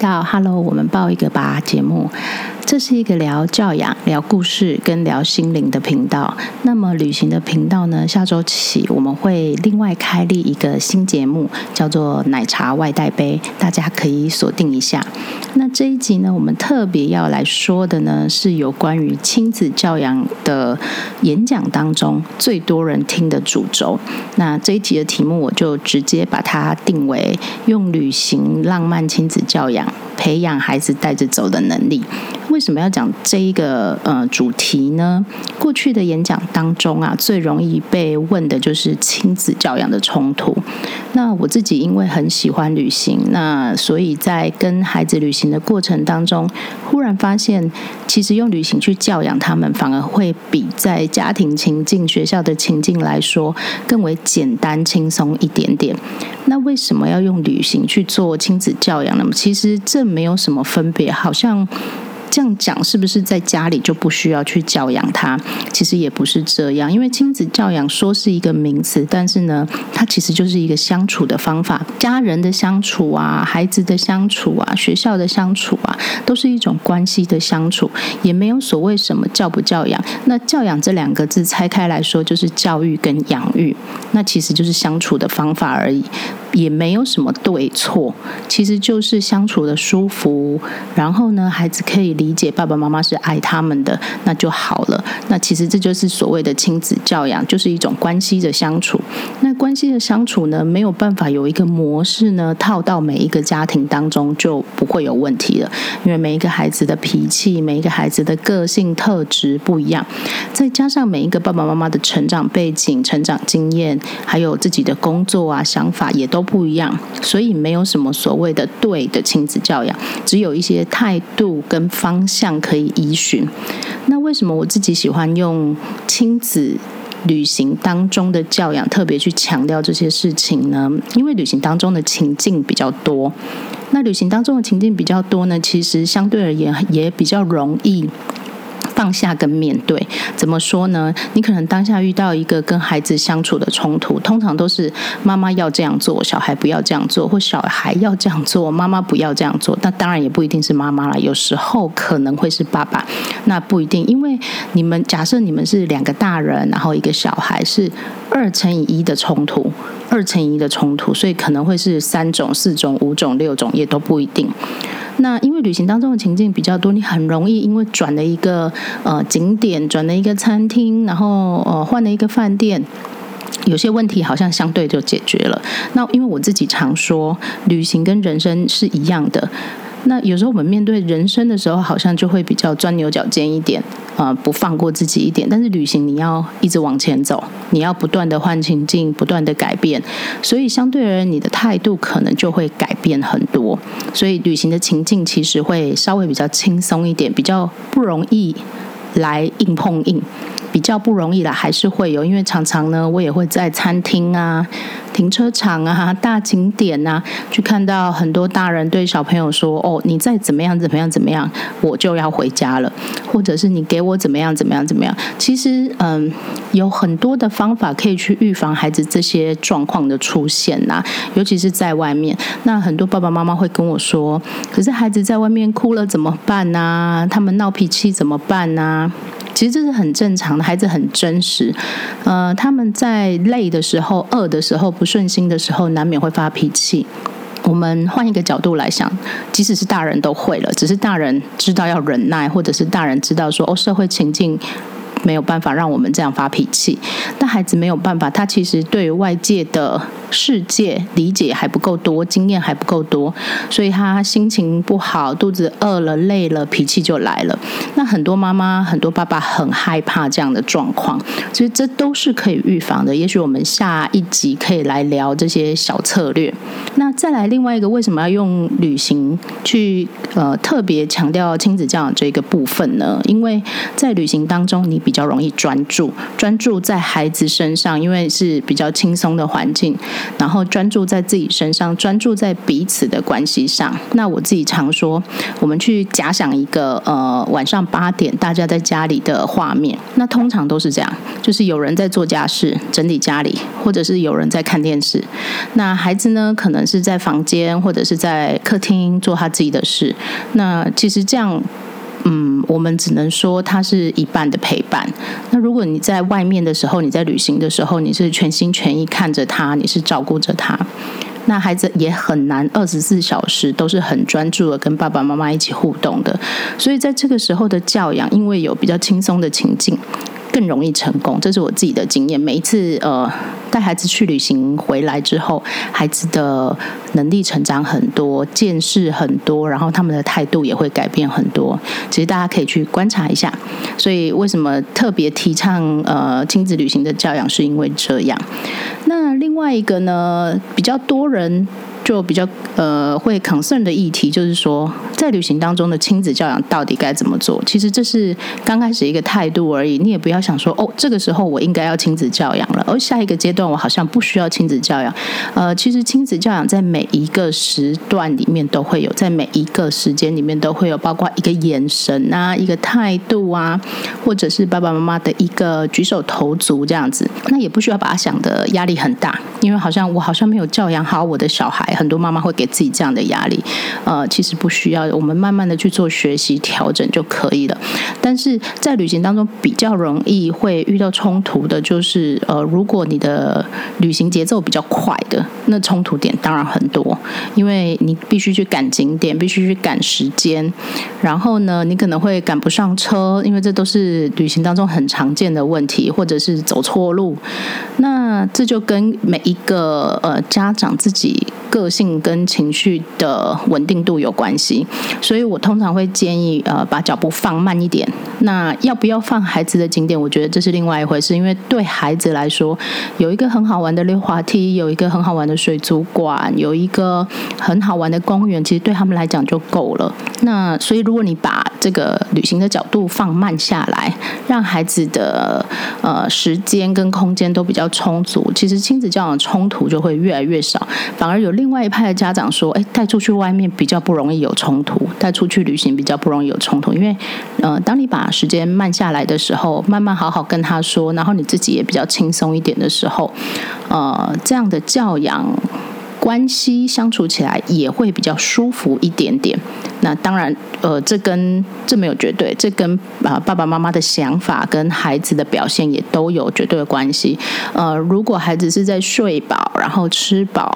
到，Hello，我們報一個吧節目。這是一個聊教養、聊故事跟聊心靈的頻道。那麼旅行的頻道呢？下週起我們會另外開立一個新節目，叫做“奶茶外帶杯”，大家可以鎖定一下。那這一集呢，我們特別要來說的呢，是有關於親子教養的演講當中最多人聽的主軸。那這一集的題目，我就直接把它定為“用旅行浪漫親子教養，培養孩子帶着走的能力”。為什麼要講這一個呃主題呢？過去的演講當中啊，最容易被問的就是親子教養的衝突。那我自己因為很喜歡旅行，那所以在跟孩子旅行的過程當中，忽然發現其實用旅行去教養他們，反而會比在家庭情境、學校的情境來說更為簡單輕鬆一點點。那為什麼要用旅行去做親子教養呢？其實這沒有什麼分別，好像……這樣講是不是在家裡就不需要去教養他？其實也不是這樣，因為親子教養說是一個名詞，但是呢，它其實就是一個相處的方法。家人的相處啊，孩子的相處啊，學校的相處啊，都是一種關係的相處，也沒有所謂什麼教不教養。那教養這兩個字拆開來說，就是教育跟養育，那其實就是相處的方法而已。也沒有什麼對錯，其實就是相處的舒服。然後呢，孩子可以理解爸爸媽媽是愛他們的，那就好了。那其實這就是所謂的親子教養，就是一種關係的相處。那關係的相處呢，沒有辦法有一個模式呢，套到每一個家庭當中就不會有問題了，因為每一個孩子的脾氣、每一個孩子的個性特質不一樣，再加上每一個爸爸媽媽的成長背景、成長經驗，還有自己的工作啊、想法也都。都不一樣，所以沒有什麼所謂的對的親子教養，只有一些態度跟方向可以依循。那為什麼我自己喜歡用親子旅行當中的教養，特別去強調這些事情呢？因為旅行當中的情境比較多，那旅行當中的情境比較多呢，其實相對而言也，也比較容易。放下跟面對，怎麼說呢？你可能當下遇到一個跟孩子相處的衝突，通常都是媽媽要這樣做，小孩不要這樣做，或小孩要這樣做，媽媽不要這樣做。那當然也不一定是媽媽啦，有時候可能會是爸爸。那不一定，因為你們假設你們是兩個大人，然後一個小孩，是二乘以一的衝突，二乘以一的衝突，所以可能會是三種、四種、五種、六種，也都不一定。那因為旅行當中的情境比較多，你很容易因為轉了一個呃景點，轉了一個餐廳，然後呃換了一個飯店，有些問題好像相對就解決了。那因為我自己常說，旅行跟人生是一樣的。那有時候我們面對人生的時候，好像就會比較鑽牛角尖一點，啊、呃，不放過自己一點。但是旅行你要一直往前走，你要不斷的換情境，不斷的改變，所以相對而言，你的態度可能就會改變很多。所以旅行的情境其實會稍微比較輕鬆一點，比較不容易來硬碰硬。比較不容易啦，還是會有，因為常常呢，我也會在餐廳啊、停車場啊、大景點啊，去看到很多大人對小朋友說：“哦，你再怎麼樣怎麼樣怎麼樣，我就要回家了。”或者是“你給我怎麼樣怎麼樣怎麼樣。”其實，嗯，有很多的方法可以去預防孩子這些狀況的出現吶，尤其是在外面。那很多爸爸媽媽會跟我說：“可是孩子在外面哭了怎麼辦呢、啊？他們鬧脾氣怎麼辦呢、啊？”其實這是很正常的，孩子很真實。呃，他們在累的時候、餓的時候、不順心的時候，難免會發脾氣。我們換一個角度來想，即使是大人都會了，只是大人知道要忍耐，或者是大人知道說哦，社會情境。沒有辦法讓我們這樣發脾氣，但孩子沒有辦法，他其實對於外界的世界理解還不夠多，經驗還不夠多，所以他心情不好，肚子餓了，累了，脾氣就來了。那很多媽媽、很多爸爸很害怕這樣的狀況，所以這都是可以預防的。也許我們下一集可以來聊這些小策略。那再來另外一個，為什麼要用旅行去呃特別強調親子教養這個部分呢？因為在旅行當中，你比較容易專注，專注在孩子身上，因為是比較輕鬆的環境；然後專注在自己身上，專注在彼此的關係上。那我自己常說，我們去假想一個呃晚上八點大家在家裡的畫面，那通常都是這樣，就是有人在做家事，整理家裡，或者是有人在看電視。那孩子呢，可能是在房間或者是在客廳做他自己的事。那其實這樣。嗯，我們只能說他是一半的陪伴。那如果你在外面的時候，你在旅行的時候，你是全心全意看着他，你是照顧着他，那孩子也很難二十四小時都是很專注的跟爸爸媽媽一起互動的。所以在這個時候的教養，因為有比較輕鬆的情境，更容易成功。這是我自己的經驗，每一次呃。帶孩子去旅行回來之後，孩子的能力成長很多，見識很多，然後他們的態度也會改變很多。其實大家可以去觀察一下。所以為什麼特別提倡呃親子旅行的教養，是因為這樣。那另外一個呢，比較多人。就比較呃會 concern 的議題，就是說在旅行當中的親子教養到底該怎麼做？其實這是剛開始一個態度而已，你也不要想說哦，這個時候我應該要親子教養了，而、哦、下一個階段我好像不需要親子教養。呃，其實親子教養在每一個時段裡面都會有，在每一個時間裡面都會有，包括一個眼神啊，一個態度啊，或者是爸爸媽媽的一個舉手投足這樣子，那也不需要把它想的壓力很大，因為好像我好像沒有教養好我的小孩。很多媽媽會給自己這樣的壓力，呃，其實不需要，我們慢慢的去做學習調整就可以了。但是在旅行當中比較容易會遇到衝突的，就是呃，如果你的旅行節奏比較快的，那衝突點當然很多，因為你必須去趕景點，必須去趕時間，然後呢，你可能會趕不上車，因為這都是旅行當中很常見的問題，或者是走錯路。那這就跟每一個呃家長自己各個性跟情緒的穩定度有關係，所以我通常會建議呃，把腳步放慢一點。那要不要放孩子的景點？我覺得這是另外一回事，因為對孩子來說，有一個很好玩的溜滑梯，有一個很好玩的水族館，有一個很好玩的公園，其實對他們來講就夠了。那所以如果你把這個旅行的角度放慢下來，讓孩子的呃時間跟空間都比較充足。其實親子教養衝突就會越來越少，反而有另外一派的家長說：“誒，帶出去外面比較不容易有衝突，帶出去旅行比較不容易有衝突。”因為呃，當你把時間慢下來的時候，慢慢好好跟他說，然後你自己也比較輕鬆一點的時候，呃，這樣的教養。關係相處起來也會比較舒服一點點。那當然，呃，這跟這沒有絕對，這跟啊、呃、爸爸媽媽的想法跟孩子的表現也都有絕對的關係。呃，如果孩子是在睡飽，然後吃飽，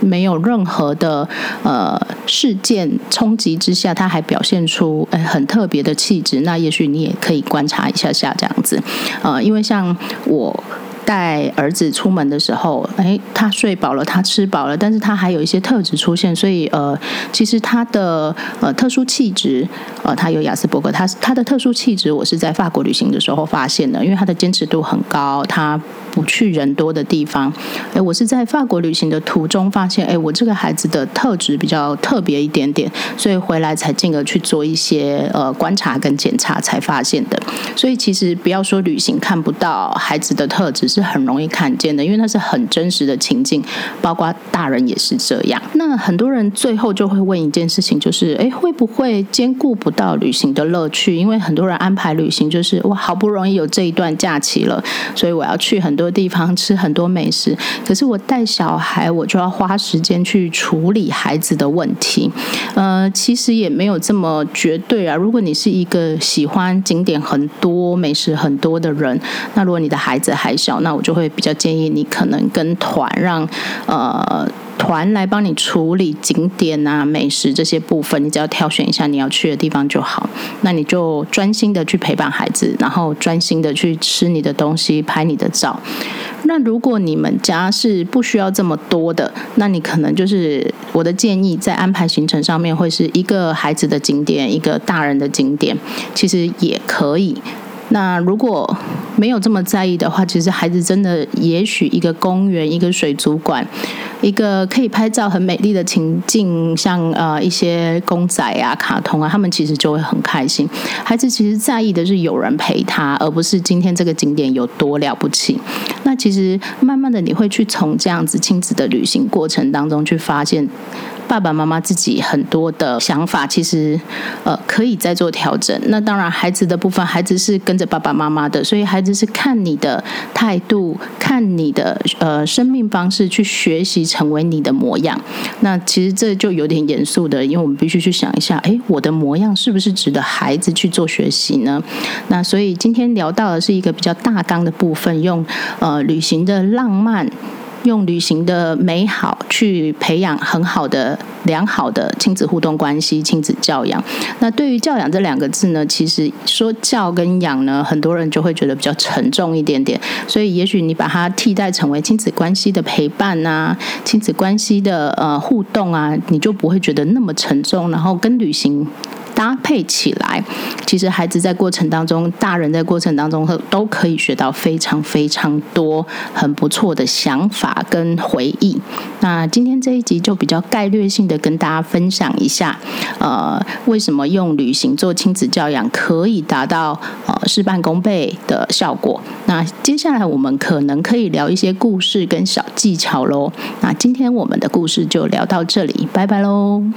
沒有任何的呃事件衝擊之下，他還表現出很特別的氣質，那也許你也可以觀察一下下這樣子。呃，因為像我。帶兒子出門的時候，哎，他睡飽了，他吃飽了，但是他還有一些特質出現，所以呃，其實他的呃特殊氣質，呃，他有亞斯伯格，他他的特殊氣質，我是在法國旅行的時候發現的，因為他的堅持度很高，他。不去人多的地方，誒，我是在法國旅行的途中發現，誒，我這個孩子的特質比較特別一點點，所以回來才進而去做一些呃觀察跟檢查才發現的。所以其實不要說旅行看不到孩子的特質，是很容易看見的，因為那是很真實的情境，包括大人也是這樣。那很多人最後就會問一件事情，就是誒，會不會兼顧不到旅行的樂趣？因為很多人安排旅行就是我好不容易有這一段假期了，所以我要去很。很多地方吃很多美食，可是我帶小孩，我就要花時間去處理孩子的問題。呃，其實也沒有這麼絕對啊。如果你是一個喜歡景點很多、美食很多的人，那如果你的孩子還小，那我就會比較建議你可能跟團，讓呃。團來幫你處理景點啊、美食這些部分，你只要挑選一下你要去的地方就好。那你就專心的去陪伴孩子，然後專心的去吃你的東西、拍你的照。那如果你們家是不需要這麼多的，那你可能就是我的建議，在安排行程上面會是一個孩子的景點，一個大人的景點，其實也可以。那如果沒有這麼在意的話，其實孩子真的也許一個公園、一個水族館、一個可以拍照很美麗的情境，像呃一些公仔啊、卡通啊，他們其實就會很開心。孩子其實在意的是有人陪他，而不是今天這個景點有多了不起。那其實慢慢的，你會去從這樣子親子的旅行過程當中去發現。爸爸媽媽自己很多的想法，其實，呃，可以再做調整。那當然，孩子的部分，孩子是跟着爸爸媽媽的，所以孩子是看你的態度，看你的呃生命方式去學習成為你的模樣。那其實這就有點嚴肅的，因為我們必須去想一下，誒，我的模樣是不是值得孩子去做學習呢？那所以今天聊到的是一個比較大綱的部分，用呃旅行的浪漫。用旅行的美好去培養很好的、良好的親子互動關係、親子教養。那對於教養這兩個字呢，其實說教跟養呢，很多人就會覺得比較沉重一點點。所以，也許你把它替代成為親子關係的陪伴啊，親子關係的呃互動啊，你就不會覺得那麼沉重。然後跟旅行搭配起來，其實孩子在過程當中，大人在過程當中，都可以學到非常非常多很不錯的想法。跟回憶，那今天這一集就比較概略性的跟大家分享一下，呃，為什麼用旅行做親子教養可以達到呃事半功倍的效果。那接下來我們可能可以聊一些故事跟小技巧嘍。那今天我們的故事就聊到這裡，拜拜嘍。